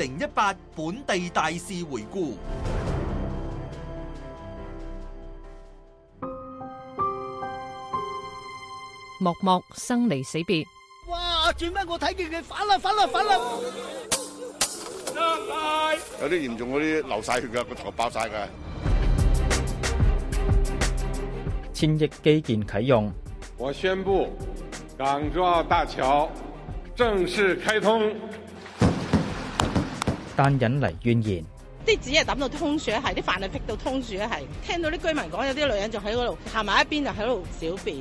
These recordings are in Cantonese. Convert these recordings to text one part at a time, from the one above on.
零一八本地大事回顧，默默生離死別。哇！做乜我睇見佢反啦反啦反啦！有啲嚴重嗰啲流晒血㗎，個頭爆晒㗎。千億基建啟用，我宣布港珠澳大橋正式開通。但引嚟怨言，啲紙啊抌到通住，一係，啲飯啊劈到通住，一係。聽到啲居民講，有啲女人就喺嗰度行埋一邊，就喺度小便。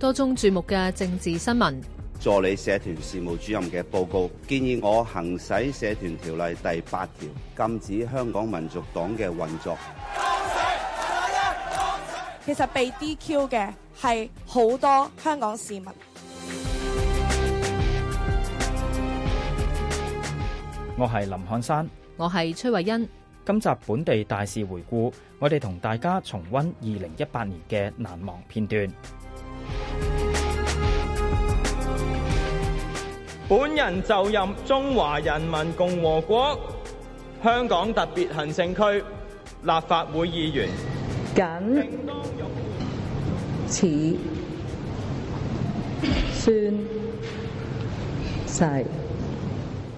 多宗注目嘅政治新聞，助理社團事務主任嘅報告建議我行使社團條例第八條，禁止香港民族黨嘅運作。其實被 DQ 嘅係好多香港市民。我係林漢山，我係崔慧欣。今集本地大事回顧，我哋同大家重溫二零一八年嘅難忘片段。本人就任中華人民共和國香港特別行政區立法會議員，謹此宣誓。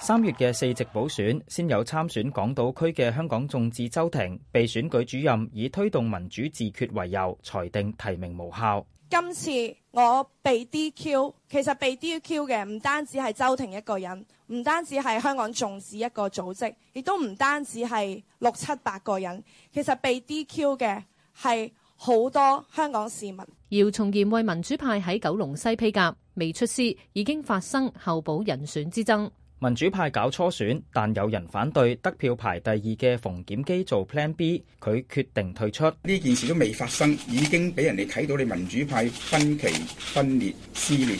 三月嘅四席補選，先有參選港島區嘅香港眾志周庭，被選舉主任以推動民主自決為由裁定提名無效。今次我被 DQ，其實被 DQ 嘅唔單止係周庭一個人，唔單止係香港眾志一個組織，亦都唔單止係六七百個人。其實被 DQ 嘅係好多香港市民。姚松炎為民主派喺九龍西披甲未出師，已經發生候補人選之爭。民主派搞初選，但有人反對得票排第二嘅馮檢基做 Plan B，佢決定退出。呢件事都未發生，已經俾人哋睇到你民主派分歧、分裂、撕裂。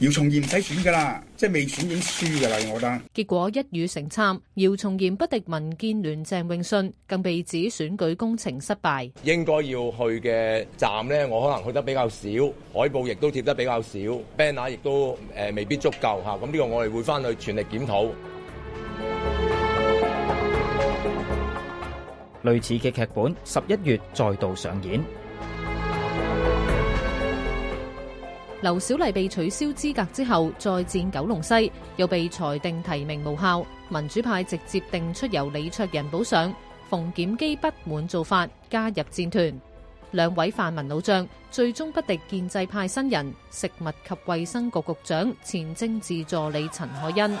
姚松炎唔使選噶啦，即係未選已經輸噶啦，我覺得。結果一語成讖，姚松炎不敵民建聯鄭泳舜，更被指選舉工程失敗。應該要去嘅站呢，我可能去得比較少，海報亦都貼得比較少，banner 亦都誒未必足夠吓。咁呢個我哋會返去全力檢討。類似嘅劇本，十一月再度上演。劉小麗被取消資格之後，再戰九龍西，又被裁定提名無效。民主派直接定出由李卓人補上。馮檢基不滿做法，加入戰團。兩位泛民老將最終不敵建制派新人，食物及衛生局局長前政治助理陳凱欣。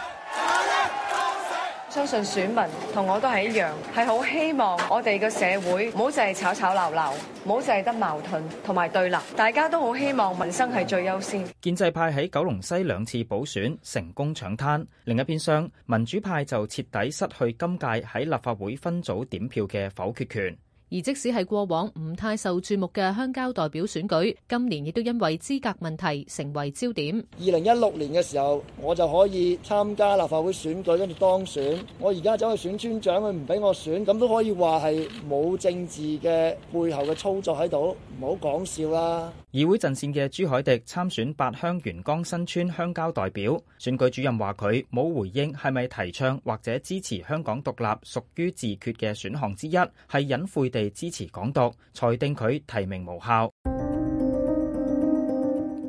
相信選民同我都係一樣，係好希望我哋嘅社會唔好淨係吵吵鬧鬧，唔好淨係得矛盾同埋對立。大家都好希望民生係最優先。建制派喺九龍西兩次補選成功搶灘，另一邊廂民主派就徹底失去今屆喺立法會分組點票嘅否決權。而即使係過往唔太受注目嘅鄉郊代表選舉，今年亦都因為資格問題成為焦點。二零一六年嘅時候，我就可以參加立法會選舉跟住當選。我而家走去選村長，佢唔俾我選，咁都可以話係冇政治嘅背後嘅操作喺度，唔好講笑啦。議會陣線嘅朱凱廸參選八鄉元崗新村鄉郊代表，選舉主任話佢冇回應係咪提倡或者支持香港獨立，屬於自決嘅選項之一，係隱晦地。被支持港獨裁定佢提名無效，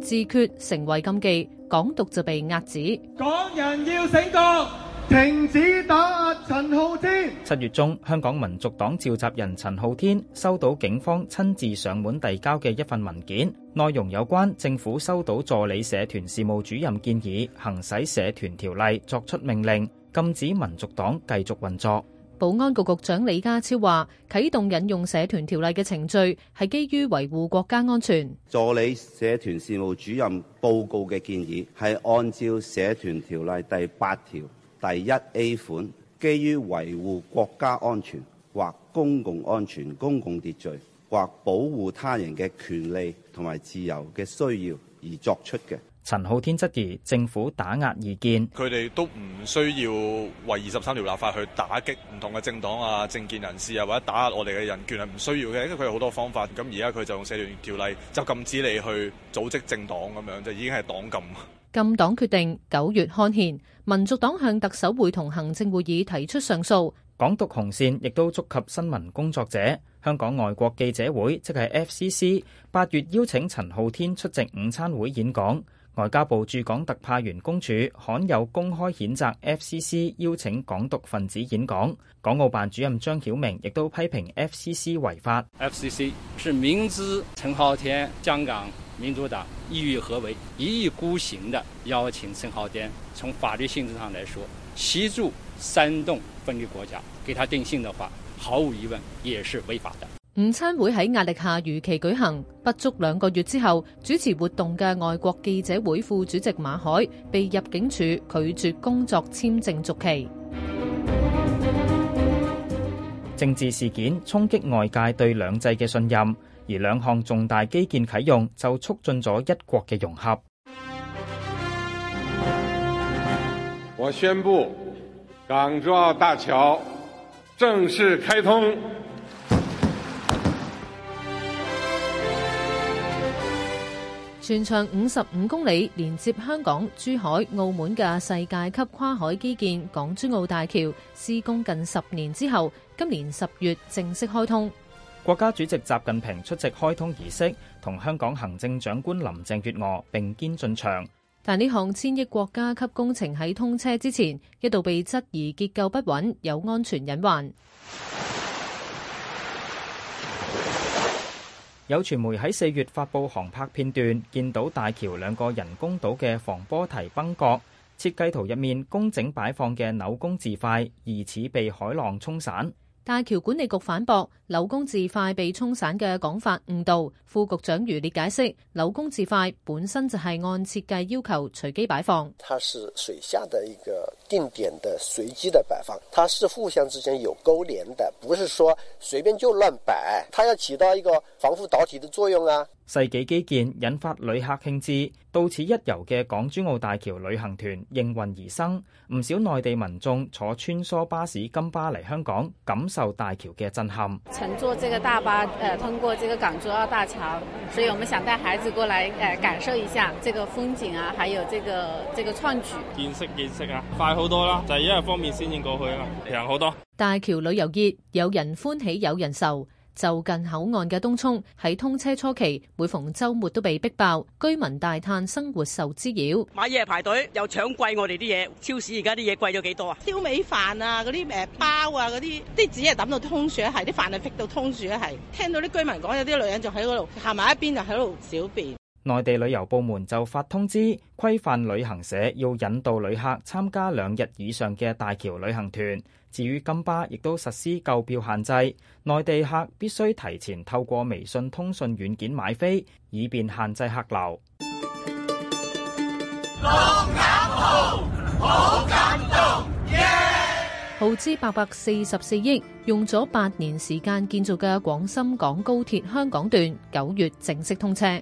自決成為禁忌，港獨就被遏止。港人要醒覺，停止打壓陳浩天。七月中，香港民族黨召集人陳浩天收到警方親自上門遞交嘅一份文件，內容有關政府收到助理社團事務主任建議，行使社團條例作出命令，禁止民族黨繼續運作。保安局局長李家超話，啟動引用社團條例嘅程序係基於維護國家安全。助理社團事務主任報告嘅建議係按照社團條例第八條第一 A 款，基於維護國家安全或公共安全、公共秩序或保護他人嘅權利同埋自由嘅需要而作出嘅。陳浩天質疑政府打壓異見，佢哋都唔需要為二十三條立法去打擊唔同嘅政黨啊、政見人士啊，或者打壓我哋嘅人權係唔需要嘅，因為佢有好多方法。咁而家佢就用社團條例就禁止你去組織政黨咁樣，就已經係黨禁。禁黨決定九月刊憲，民族黨向特首會同行政會議提出上訴。港獨紅線亦都觸及新聞工作者，香港外國記者會即係 FCC 八月邀請陳浩天出席午餐會演講。外交部駐港特派員公署罕有公開譴責 FCC 邀請港獨分子演講，港澳辦主任張曉明亦都批評 FCC 違法。FCC 是明知陳浩天香港民族黨意欲何為，一意孤行的邀請陳浩天。從法律性質上來說，協助煽動分裂國家，給他定性的話，毫無疑問也是違法的。午餐會喺壓力下如期舉行，不足兩個月之後，主持活動嘅外國記者會副主席馬凱被入境處拒絕工作簽證續期。政治事件衝擊外界對兩制嘅信任，而兩項重大基建啟用就促進咗一國嘅融合。我宣布，港珠澳大橋正式開通。全長五十五公里，連接香港、珠海、澳門嘅世界級跨海基建——港珠澳大橋，施工近十年之後，今年十月正式開通。國家主席習近平出席開通儀式，同香港行政長官林鄭月娥並肩進場。但呢項千億國家級工程喺通車之前，一度被質疑結構不穩，有安全隱患。有傳媒喺四月發布航拍片段，見到大橋兩個人工島嘅防波堤崩角，設計圖入面工整擺放嘅扭工字塊，疑似被海浪沖散。大橋管理局反駁柳工字塊被沖散嘅講法誤導。副局長余烈解釋，柳工字塊本身就係按設計要求隨機擺放。它是水下的一個定點的隨機的擺放，它是互相之間有勾連的，不是說隨便就亂擺，它要起到一個防護導體的作用啊。世紀基建引發旅客興致。到此一遊嘅港珠澳大橋旅行團應運而生，唔少內地民眾坐穿梭巴士金巴嚟香港，感受大橋嘅震撼。乘坐這個大巴，誒、呃、通過這個港珠澳大橋，所以我們想帶孩子過來，誒、呃、感受一下這個風景啊，還有這個這個創舉。見識見識啊，快好多啦，就係因為方便先至過去啊嘛，平好多。大橋旅遊業有人歡喜，有人愁。就近口岸嘅東涌喺通車初期，每逢周末都被逼爆，居民大嘆生活受滋擾。買嘢排隊又搶貴，我哋啲嘢，超市而家啲嘢貴咗幾多啊？燒味飯啊，嗰啲誒包啊，嗰啲啲紙啊抌到通住，一係，啲飯啊劈到通住。啊係。聽到啲居民講，有啲女人就喺嗰度行埋一邊，就喺度小便。內地旅遊部門就發通知規範旅行社，要引導旅客參加兩日以上嘅大橋旅行團。至於金巴，亦都實施購票限制，內地客必須提前透過微信通訊軟件買飛，以便限制客流。好感動，好感動 yeah! 耗資八百四十四億，用咗八年時間建造嘅廣深港高鐵香港段，九月正式通車。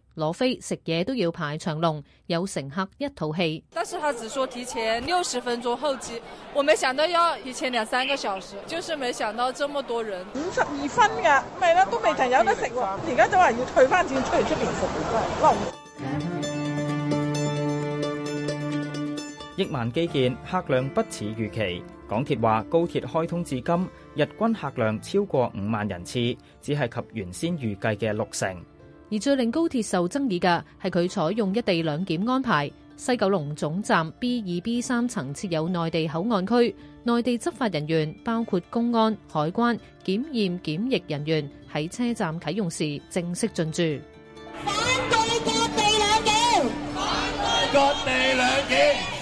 羅非食嘢都要排長龍，有乘客一肚氣。但是他只說提前六十分鐘候機，我沒想到要提前兩三個小時，就是沒想到這麼多人。五十二分噶，咪啦都未曾有得食喎，而家都話要退翻錢，出嚟出邊食。億萬基建客量不似預期，港鐵話高鐵開通至今，日均客量超過五萬人次，只係及原先預計嘅六成。而最令高鐵受爭議嘅係佢採用一地兩檢安排，西九龍總站 B2、B3 層設有內地口岸區，內地執法人員包括公安、海關、檢驗、檢疫人員喺車站啟用時正式進駐。反對各地兩檢，反對各地兩檢。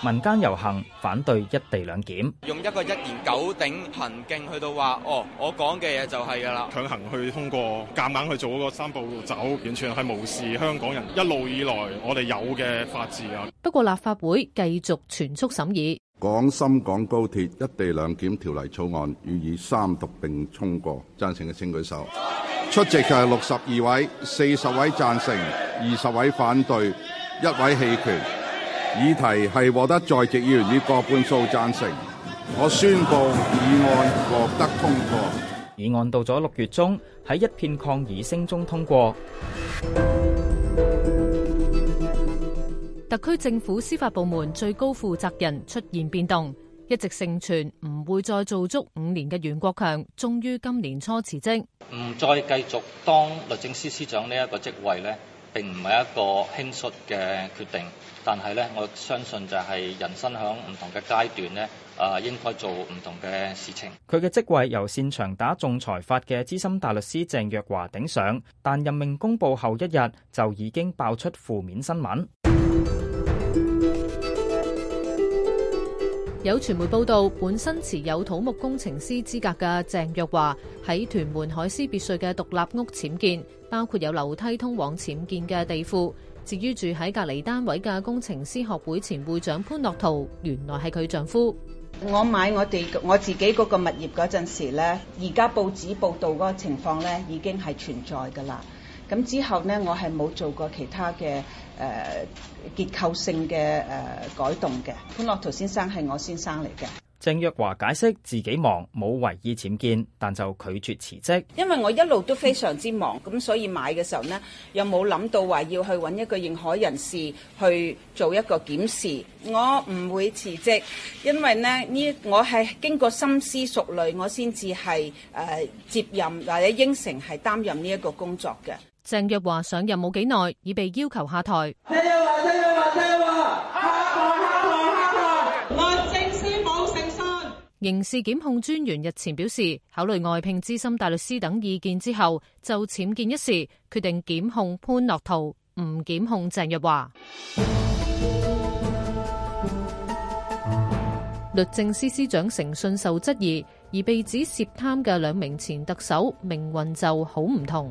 民間遊行反對一地兩檢，用一個一言九鼎行徑去到話，哦，我講嘅嘢就係噶啦，強行去通過，夾硬去做嗰個三步走，完全係無視香港人一路以來我哋有嘅法治啊。不過立法會繼續全速審議廣深港高鐵一地兩檢條例草案，予以三讀並通過，贊成嘅請舉手。出席嘅係六十二位，四十位贊成，二十位反對，一位棄權。議題係獲得在席議員以過半數贊成，我宣布議案獲得通過。議案到咗六月中，喺一片抗議聲中通過 。特區政府司法部門最高負責人出現變動，一直盛傳唔會再做足五年嘅袁國強，終於今年初辭職，唔再繼續當律政司司長呢一個職位呢。並唔係一個輕率嘅決定，但係咧，我相信就係人生響唔同嘅階段咧，啊應該做唔同嘅事情。佢嘅職位由擅長打仲裁法嘅資深大律師鄭若驊頂上，但任命公佈後一日就已經爆出負面新聞。有傳媒報道，本身持有土木工程師資格嘅鄭若驊喺屯門海詩別墅嘅獨立屋僭建，包括有樓梯通往僭建嘅地庫。至於住喺隔籬單位嘅工程師學會前會長潘樂陶，原來係佢丈夫。我買我哋我自己嗰個物業嗰陣時呢，而家報紙報道嗰個情況呢已經係存在噶啦咁之後呢，我係冇做過其他嘅誒。呃結構性嘅、呃、改動嘅潘樂圖先生係我先生嚟嘅。鄭若驊解釋自己忙冇為意僭建，但就拒絕辭職。因為我一路都非常之忙，咁所以買嘅時候呢，又冇諗到話要去揾一個認可人士去做一個檢視，我唔會辭職，因為呢我係經過深思熟慮，我先至係呃、接任或者應承係擔任呢一個工作嘅。鄭若華上任冇幾耐，已被要求下台。鄭若驊，鄭若驊，律政司冇誠信。刑事檢控專員日前表示，考慮外聘資深大律師等意見之後，就僭建一事決定檢控潘樂陶，唔檢控鄭若驊。律政司司司長誠信受質疑而被指涉貪嘅兩名前特首命運就好唔同。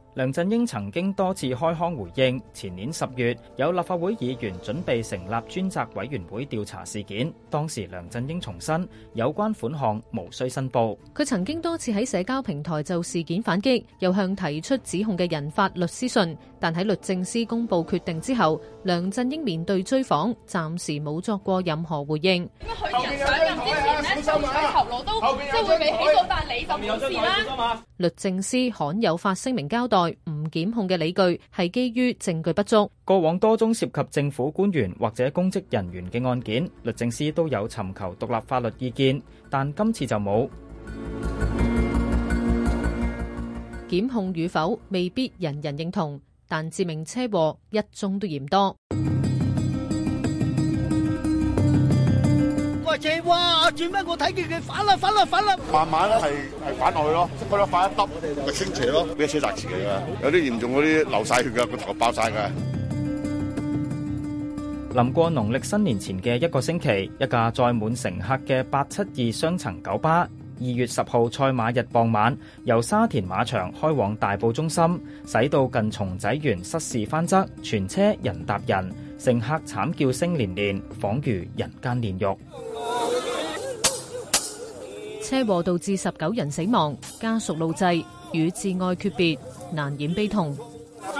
梁振英曾經多次開腔回應，前年十月有立法會議員準備成立專責委員會調查事件，當時梁振英重申有關款，款項無需申報。佢曾經多次喺社交平台就事件反擊，又向提出指控嘅人發律師信，但喺律政司公布決定之後，梁振英面對追訪暫時冇作過任何回應。後面有啲事咧，唔使頭攞刀，即會被起訴，但你就冇事啦。律政司罕有發聲明交代。唔檢控嘅理據係基於證據不足。過往多宗涉及政府官員或者公職人員嘅案件，律政司都有尋求獨立法律意見，但今次就冇。檢控與否，未必人人認同，但致命車禍一宗都嫌多。哇！做乜？我睇見佢反啦，反啦，反啦！慢慢係係反落去咯，嗰粒反一我哋咪清斜咯，俾車砸住嚟噶。有啲嚴重嗰啲流晒血噶，個頭爆晒噶。臨過農曆新年前嘅一個星期，一架載滿乘客嘅八七二雙層九巴，二月十號賽馬日傍晚由沙田馬場開往大埔中心，駛到近松仔園失事翻側，全車人搭人，乘客慘叫聲連連，恍如人間煉獄。車禍導致十九人死亡，家屬怒制與至愛訣別，難掩悲痛。啊、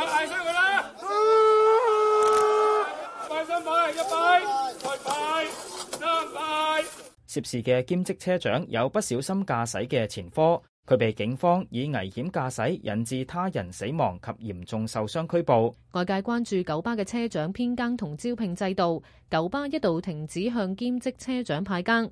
涉事嘅兼職車長有不小心駕駛嘅前科，佢被警方以危險駕駛引致他人死亡及嚴重受傷拘捕。外界關注九巴嘅車長編更同招聘制度，九巴一度停止向兼職車長派更。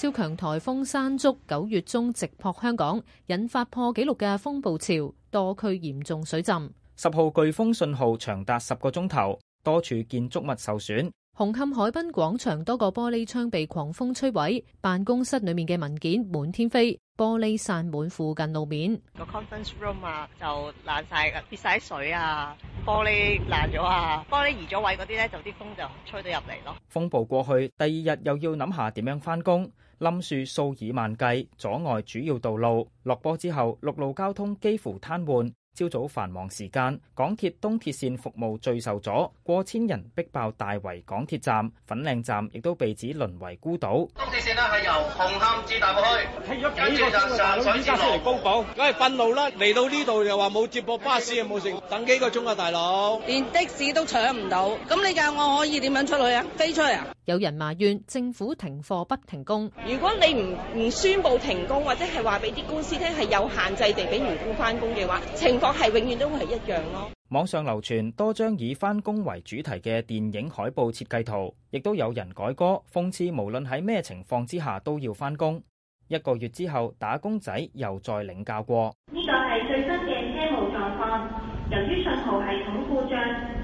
超強颱風山竹九月中直撲香港，引發破紀錄嘅風暴潮，多區嚴重水浸。十號颶風信號長達十個鐘頭，多處建築物受損。紅磡海濱廣場多個玻璃窗被狂風吹毀，辦公室裏面嘅文件滿天飛，玻璃散滿附近路面。個 conference room 啊，就爛晒嘅，跌晒水啊，玻璃爛咗啊，玻璃移咗位嗰啲咧，就啲風就吹到入嚟咯。風暴過去，第二日又要諗下點樣返工。冧樹數以萬計，阻礙主要道路。落波之後，陸路交通幾乎癱瘓。朝早繁忙時間，港鐵東鐵線服務最受阻，過千人逼爆大圍港鐵站、粉嶺站，亦都被指淪為孤島。東鐵線係由紅磡至大圍，睇咗幾個鐘站想先出嚟高梗係憤怒啦！嚟到呢度又話冇接駁巴士啊，冇成等幾個鐘啊，大佬！連的士都搶唔到，咁你叫我可以點樣出去啊？飛出去啊！有人埋怨政府停課不停工。如果你唔唔宣布停工，或者係話俾啲公司聽，係有限制地俾員工翻工嘅話，情況係永遠都會係一樣咯。網上流傳多張以翻工為主題嘅電影海報設計圖，亦都有人改歌，諷刺無論喺咩情況之下都要翻工。一個月之後，打工仔又再領教過。呢個係最新嘅車務狀況，由於信號系統故障，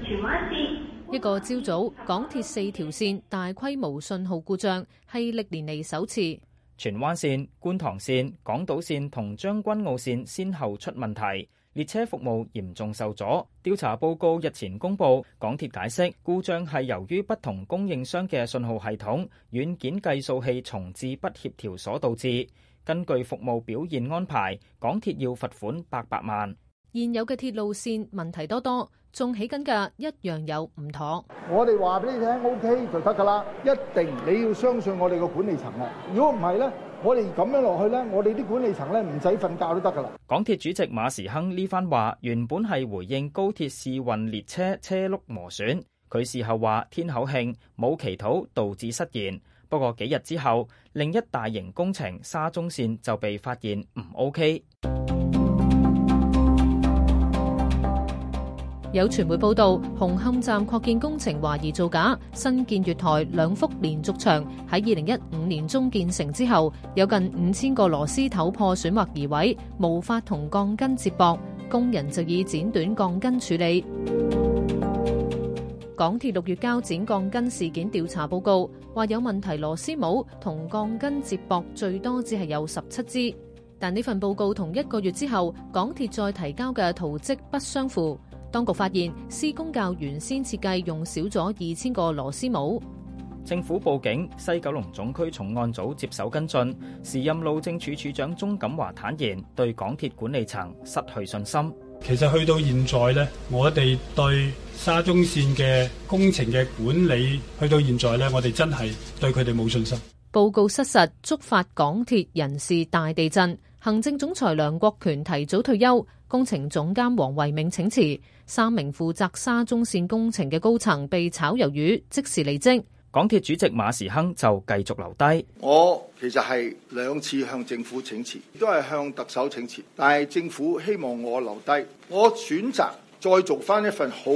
荃灣線。呢個朝早港鐵四條綫大規模信號故障係歷年嚟首次，荃灣綫、觀塘綫、港島綫同將軍澳綫先後出問題，列車服務嚴重受阻。調查報告日前公布，港鐵解釋故障係由於不同供應商嘅信號系統軟件計數器重置不協調所導致。根據服務表現安排，港鐵要罰款八百萬。現有嘅鐵路綫問題多多。仲起緊嘅一樣有唔妥，我哋話俾你聽，OK 就得噶啦，一定你要相信我哋個管理層啊！如果唔係咧，我哋咁樣落去咧，我哋啲管理層咧唔使瞓覺都得噶啦。港鐵主席馬時亨呢番話原本係回應高鐵試運列車車轆磨損，佢事後話天口慶冇祈禱導致失言。不過幾日之後，另一大型工程沙中線就被發現唔 OK。有傳媒報道，紅磡站擴建工程懷疑造假，新建月台兩幅連續牆喺二零一五年中建成之後，有近五千個螺絲頭破損或移位，無法同鋼筋接駁，工人就以剪短鋼筋處理。港鐵六月交剪鋼筋事件調查報告話有問題螺絲帽同鋼筋接駁最多只係有十七支，但呢份報告同一個月之後港鐵再提交嘅圖迹不相符。當局發現施工較原先設計用少咗二千個螺絲帽，政府報警，西九龍總區重案組接手跟進。時任路政處處長鍾錦華坦言，對港鐵管理層失去信心。其實去到現在呢，我哋對沙中綫嘅工程嘅管理，去到現在呢，我哋真係對佢哋冇信心。報告失實，觸發港鐵人事大地震。行政總裁梁國權提早退休，工程總監黃唯銘請辭，三名負責沙中線工程嘅高層被炒魷魚，即時離職。港鐵主席馬時亨就繼續留低。我其實係兩次向政府請辭，都係向特首請辭，但係政府希望我留低。我選擇再做翻一份好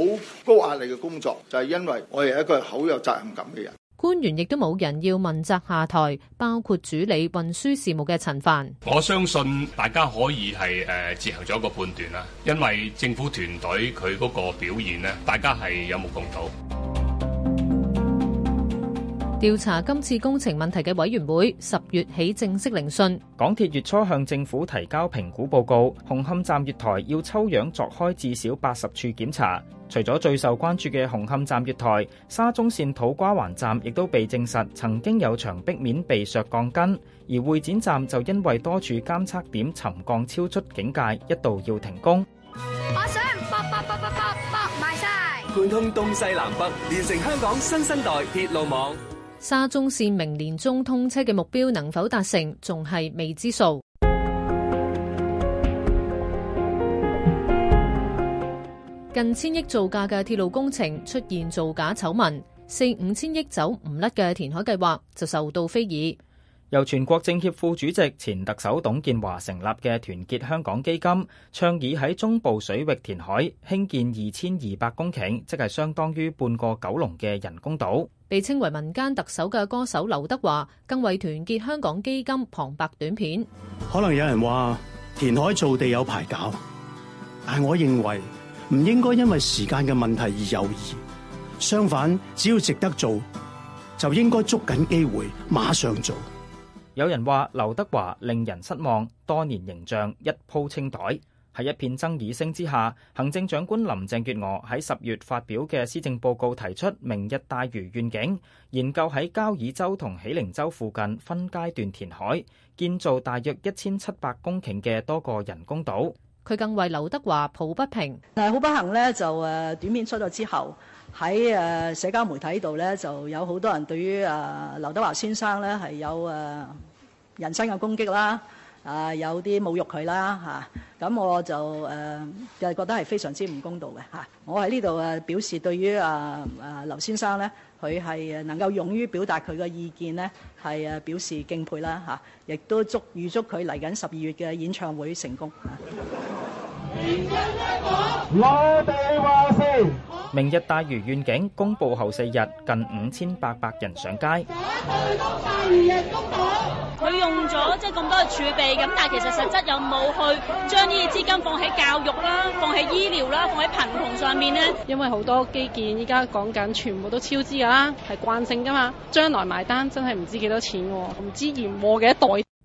高壓力嘅工作，就係、是、因為我係一個好有責任感嘅人。官員亦都冇人要問責下台，包括處理運輸事務嘅陳帆。我相信大家可以係誒自行咗一個判斷啦，因為政府團隊佢嗰個表現呢，大家係有目共睹。調查今次工程問題嘅委員會十月起正式聆訊。港鐵月初向政府提交評估報告，紅磡站月台要抽樣鑿開至少八十處檢查。除咗最受關注嘅紅磡站月台，沙中線土瓜灣站亦都被證實曾經有牆壁面被削鋼筋，而會展站就因為多處監測點沉降超出警戒，一度要停工。我想晒貫通東西南北，連成香港新生代鐵路網。沙中線明年中通車嘅目標能否達成，仲係未知數。近千億造價嘅鐵路工程出現造假醜聞，四五千億走唔甩嘅填海計劃就受到非議。由全國政協副主席、前特首董建華成立嘅團結香港基金，倡議喺中部水域填海興建二千二百公頃，即係相當於半個九龍嘅人工島，被稱為民間特首嘅歌手劉德華，更為團結香港基金旁白短片。可能有人話填海造地有排搞，但我認為唔應該因為時間嘅問題而猶豫，相反，只要值得做就應該捉緊機會馬上做。有人話劉德華令人失望，多年形象一鋪清袋。喺一片爭議聲之下，行政長官林鄭月娥喺十月發表嘅施政報告提出明日大嶼願景，研究喺交椅洲同喜靈洲附近分階段填海，建造大約一千七百公頃嘅多個人工島。佢更為劉德華抱不平，但係好不幸呢，就短片出咗之後。喺誒社交媒體度咧，就有好多人對於誒劉德華先生咧係有誒人身嘅攻擊啦，啊有啲侮辱佢啦嚇，咁我就誒又覺得係非常之唔公道嘅嚇。我喺呢度誒表示對於誒誒劉先生咧，佢係能夠勇於表達佢嘅意見咧，係誒表示敬佩啦嚇，亦都祝預祝佢嚟緊十二月嘅演唱會成功嚇。明日大嶼願景公布後四日，近五千八百人上街。佢用咗即係咁多嘅儲備，咁但係其實實質有冇去將呢啲資金放喺教育啦，放喺醫療啦，放喺貧窮上面呢？因為好多基建依家講緊，全部都超支噶啦，係慣性噶嘛，將來埋單真係唔知幾多錢喎，唔知延誤幾多代。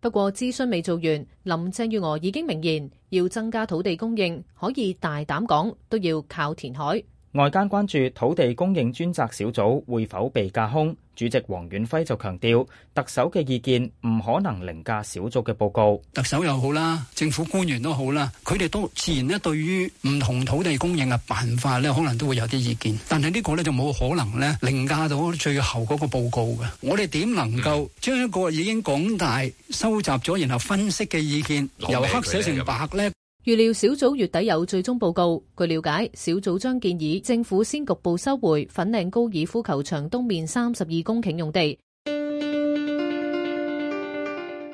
不過諮詢未做完，林鄭月娥已經明言要增加土地供應，可以大膽講，都要靠填海。外間關注土地供應專責小組會否被架空，主席黃遠輝就強調，特首嘅意見唔可能凌駕小組嘅報告。特首又好啦，政府官員都好啦，佢哋都自然咧，對於唔同土地供應嘅辦法呢，可能都會有啲意見。但係呢個呢，就冇可能凌駕到最後嗰個報告嘅。我哋點能夠將一個已經廣大收集咗然後分析嘅意見，由黑寫成白呢？預料小組月底有最終報告。據了解，小組將建議政府先局部收回粉嶺高爾夫球場東面三十二公頃用地。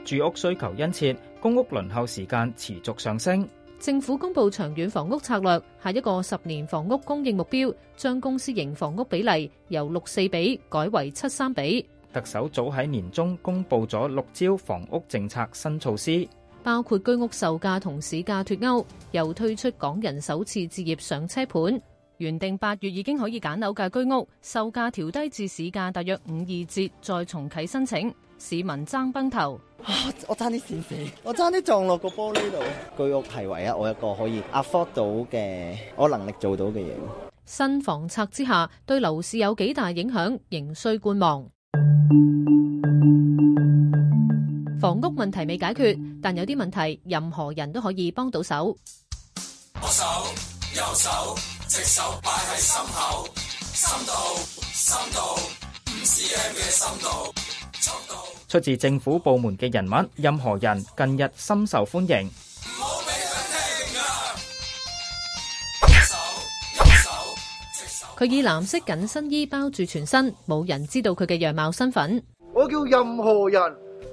住屋需求殷切，公屋輪候時間持續上升。政府公布長遠房屋策略，下一個十年房屋供應目標，將公私營房屋比例由六四比改為七三比。特首早喺年中公布咗六招房屋政策新措施。包括居屋售價同市價脫鉤，又推出港人首次置業上車盤，原定八月已經可以揀樓嘅居屋，售價調低至市價大約五二折，再重啟申請，市民爭崩頭。啊、我差啲線死，我差啲撞落個玻璃度。 居屋係唯一我一個可以 afford 到嘅，我能力做到嘅嘢。新房策之下，對樓市有幾大影響，仍需觀望。房屋問題未解決，但有啲問題，任何人都可以幫到手。我手右手，隻手擺喺心口，深度深度，唔是嘢嘅深度。速度出自政府部門嘅人物，任何人近日深受歡迎。佢以藍色緊身衣包住全身，冇人知道佢嘅樣貌身份。我叫任何人。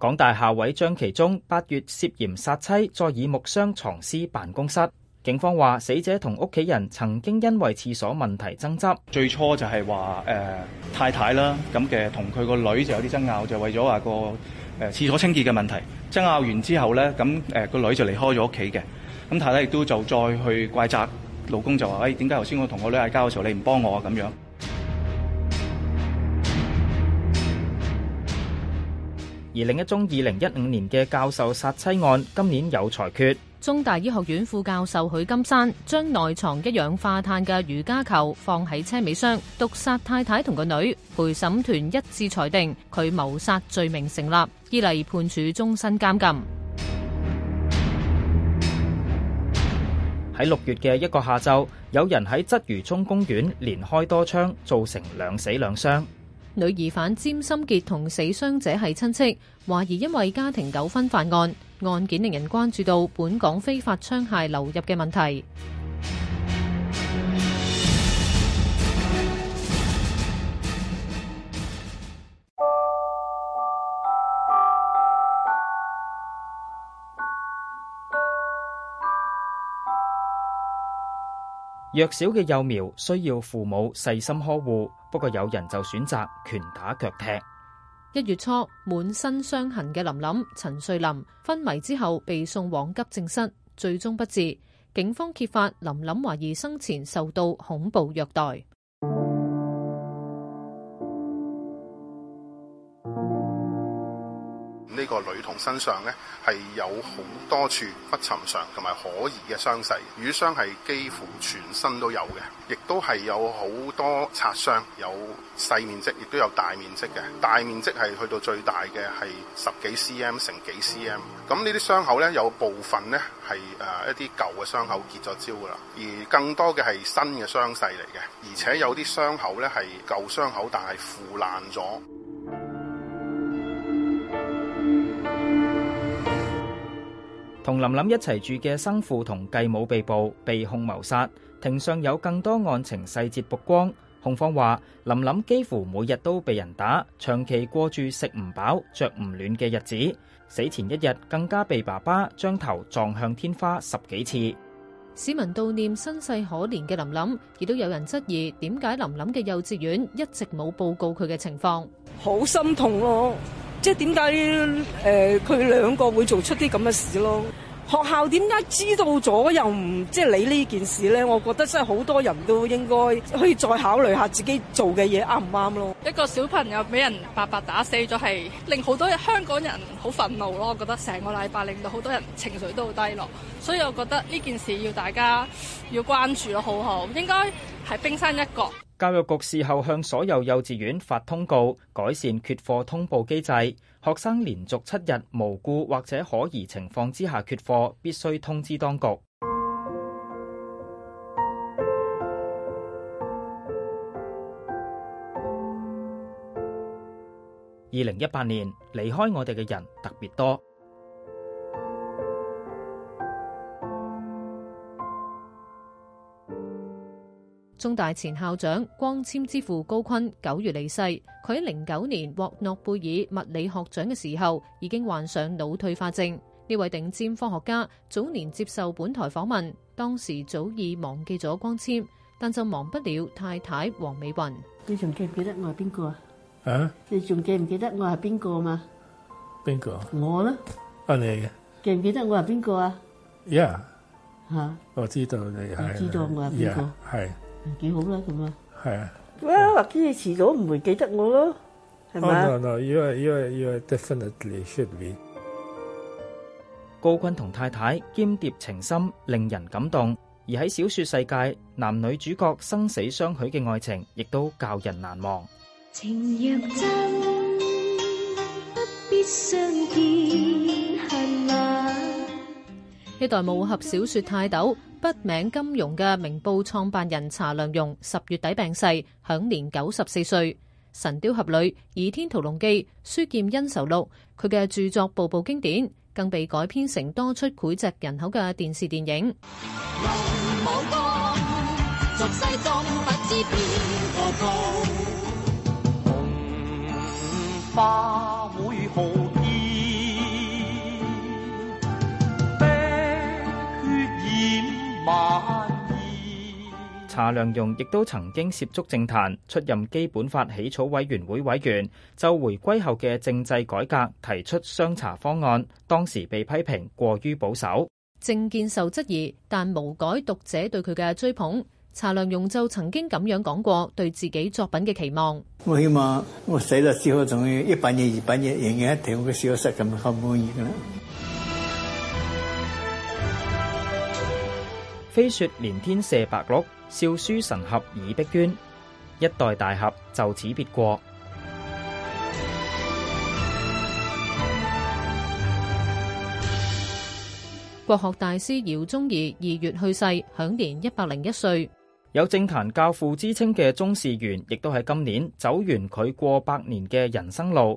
港大校委張其中八月涉嫌殺妻，再以木箱藏屍辦公室。警方話，死者同屋企人曾經因為廁所問題爭執，最初就係話誒太太啦咁嘅，同佢個女就有啲爭拗，就為咗話個誒廁所清潔嘅問題。爭拗完之後咧，咁誒個女就離開咗屋企嘅，咁太太亦都就再去怪責老公就說，就話誒點解頭先我同我女嗌交嘅時候你唔幫我啊？咁樣。而另一宗二零一五年嘅教授殺妻案，今年有裁決。中大醫學院副教授許金山將內藏一氧化碳嘅瑜伽球放喺車尾箱，毒殺太太同個女。陪審團一致裁定佢謀殺罪名成立，依例判處終身監禁。喺六月嘅一個下晝，有人喺鰂魚涌公園連開多槍，造成兩死兩傷。女疑犯詹心傑同死傷者係親戚，懷疑因為家庭糾紛犯案，案件令人關注到本港非法槍械流入嘅問題。弱小嘅幼苗需要父母細心呵護，不過有人就選擇拳打腳踢。一月初，滿身傷痕嘅琳琳陳瑞琳昏迷之後被送往急症室，最終不治。警方揭發琳琳懷疑生前受到恐怖虐待。個女童身上呢，係有好多處不尋常同埋可疑嘅傷勢，瘀傷係幾乎全身都有嘅，亦都係有好多擦傷，有細面積，亦都有大面積嘅。大面積係去到最大嘅係十幾 cm 乘幾 cm。咁呢啲傷口呢，有部分呢係、呃、一啲舊嘅傷口結咗焦㗎啦，而更多嘅係新嘅傷勢嚟嘅，而且有啲傷口呢係舊傷口，但係腐爛咗。同琳琳一齊住嘅生父同繼母被捕，被控謀殺。庭上有更多案情細節曝光，控方話琳琳幾乎每日都被人打，長期過住食唔飽、着唔暖嘅日子。死前一日更加被爸爸將頭撞向天花十幾次。市民悼念身世可憐嘅琳琳，亦都有人質疑點解琳琳嘅幼稚園一直冇報告佢嘅情況，好心痛咯。即係點解誒佢兩個會做出啲咁嘅事咯？學校點解知道咗又唔即係理呢件事呢，我覺得真係好多人都應該可以再考慮下自己做嘅嘢啱唔啱咯。一個小朋友俾人白白打死咗，係令好多香港人好憤怒咯。我覺得成個禮拜令到好多人情緒都好低落，所以我覺得呢件事要大家要關注咯，好好應該係冰山一角。教育局事後向所有幼稚園發通告，改善缺課通報機制。學生連續七日無故或者可疑情況之下缺課，必須通知當局。二零一八年離開我哋嘅人特別多。中大前校長光纖之父高錕九月離世。佢喺零九年獲諾貝爾物理學獎嘅時候，已經患上腦退化症。呢位頂尖科學家早年接受本台訪問，當時早已忘記咗光纖，但就忘不了太太黃美雲。你仲記唔記得我係邊個啊？啊？你仲記唔記得我係邊個嘛？邊、啊、個？我啦、啊？你記唔記得我係邊個啊、yeah. 啊我知道你，你知道我。幾好啦咁啊，係啊，或者你遲早唔會記得我咯，係嘛？No no no, you are you are you are definitely should be。高錕同太太鶼鰈情深，令人感動。而喺小說世界，男女主角生死相許嘅愛情，亦都教人難忘。情若真，不必相見。一代武俠小說泰斗、筆名金庸嘅明報創辦人查良鏞，十月底病逝，享年九十四歲。神鵰俠侶、倚天屠龍記、書劍恩仇録，佢嘅著作部部經典，更被改編成多出膾炙人口嘅電視電影。查良鏞亦都曾經涉足政壇，出任基本法起草委員會委員，就回歸後嘅政制改革提出雙查方案，當時被批評過於保守，政見受質疑，但無改讀者對佢嘅追捧。查良鏞就曾經咁樣講過對自己作品嘅期望：我希望我死咗之後仲要一品嘢、二品嘢，仍然一睇我嘅小說咁咁滿意噶啦。飛雪連天射白鹿，笑書神俠倚碧鴛。一代大俠就此別過。國學大師饒宗頤二月去世，享年一百零一歲。有政壇教父之稱嘅鍾士元，亦都喺今年走完佢過百年嘅人生路。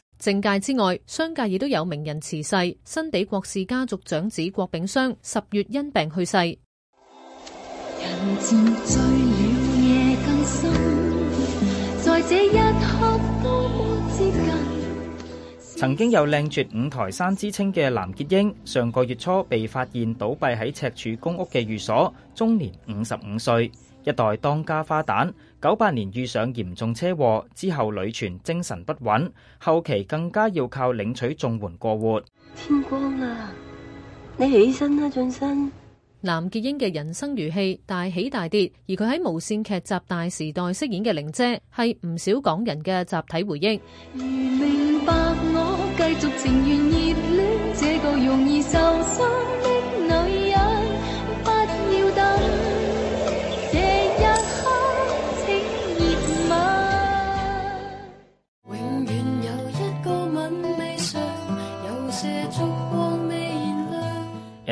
政界之外，商界亦都有名人辭世。新地郭氏家族長子郭炳湘十月因病去世。曾經有靚絕五台山之稱嘅藍潔瑛，上個月初被發現倒斃喺赤柱公屋嘅寓所，終年五十五歲，一代當家花旦。九八年遇上嚴重車禍之後，屢傳精神不穩，後期更加要靠領取綜援過活。天光啦，你起身啦，進新。藍潔瑛嘅人生如戲，大起大跌，而佢喺無綫劇集《大時代》飾演嘅玲姐，係唔少港人嘅集體回憶。如明白我繼續情願熱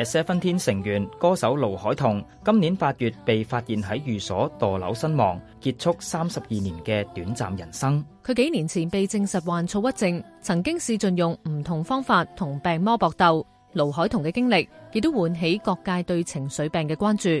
at17 成員歌手盧凱彤今年八月被發現喺寓所墮樓身亡，結束三十二年嘅短暫人生。佢幾年前被證實患躁鬱症，曾經試盡用唔同方法同病魔搏鬥。盧凱彤嘅經歷亦都喚起各界對情緒病嘅關注。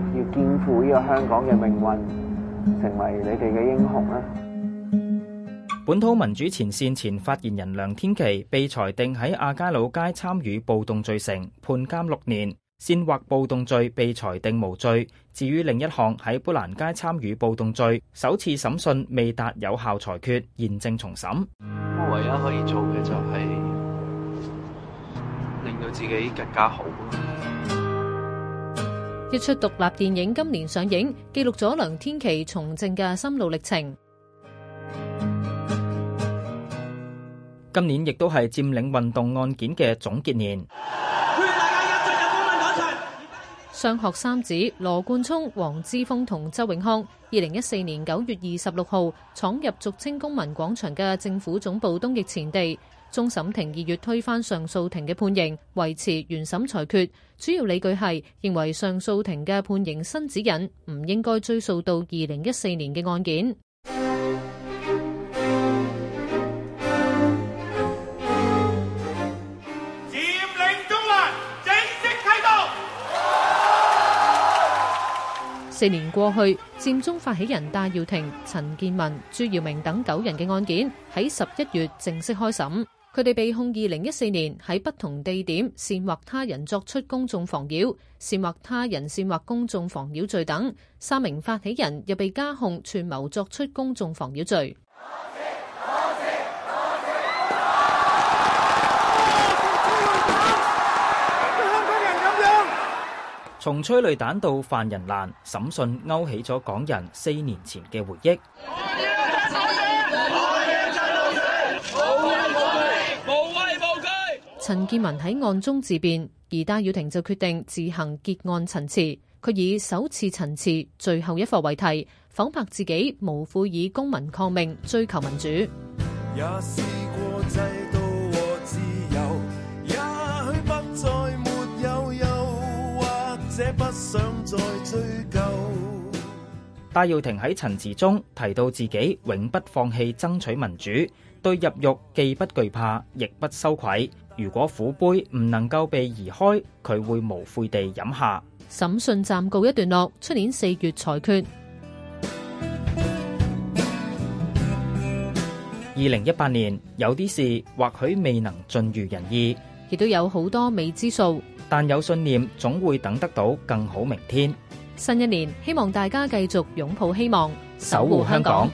要肩負呢個香港嘅命運，成為你哋嘅英雄啦！本土民主前線前發言人梁天琦被裁定喺亞皆老街參與暴動罪成，判監六年；煽惑暴動罪被裁定無罪。至於另一項喺砵蘭街參與暴動罪，首次審訊未達有效裁決，現正重審。我唯一可以做嘅就係令到自己更加好。一出獨立電影今年上映，記錄咗梁天琦從政嘅心路歷程。今年亦都係佔領運動案件嘅總結年。雙學三子羅冠聰、黃之鋒同周永康，二零一四年九月二十六號闖入俗稱公民廣場嘅政府總部東翼前地。終審庭二月推翻上訴庭嘅判刑，維持原審裁決。主要理據係認為上訴庭嘅判刑新指引唔應該追溯到二零一四年嘅案件。佔領中環正式啟動。四年過去，佔中發起人戴耀廷、陳健民、朱耀明等九人嘅案件喺十一月正式開審。佢哋被控二零一四年喺不同地點煽惑他人作出公眾妨擾、煽惑他人、煽惑公眾妨擾罪等，三名發起人又被加控串謀作出公眾妨擾罪。從催淚彈到犯人難，審訊勾起咗港人四年前嘅回憶。陳建文喺案中自辯，而戴耀廷就決定自行結案陳詞。佢以首次陳詞最後一課為題，反白自己無悔以公民抗命追求民主。也許不再沒有憂，或者不想再追究。戴耀廷喺陳詞中提到自己永不放棄爭取民主，對入獄既不懼怕，亦不羞愧。如果苦杯唔能夠被移開，佢會無悔地飲下。審訊暫告一段落，出年四月裁決。二零一八年有啲事，或許未能盡如人意，亦都有好多未知數，但有信念總會等得到更好明天。新一年，希望大家繼續擁抱希望，守護香港。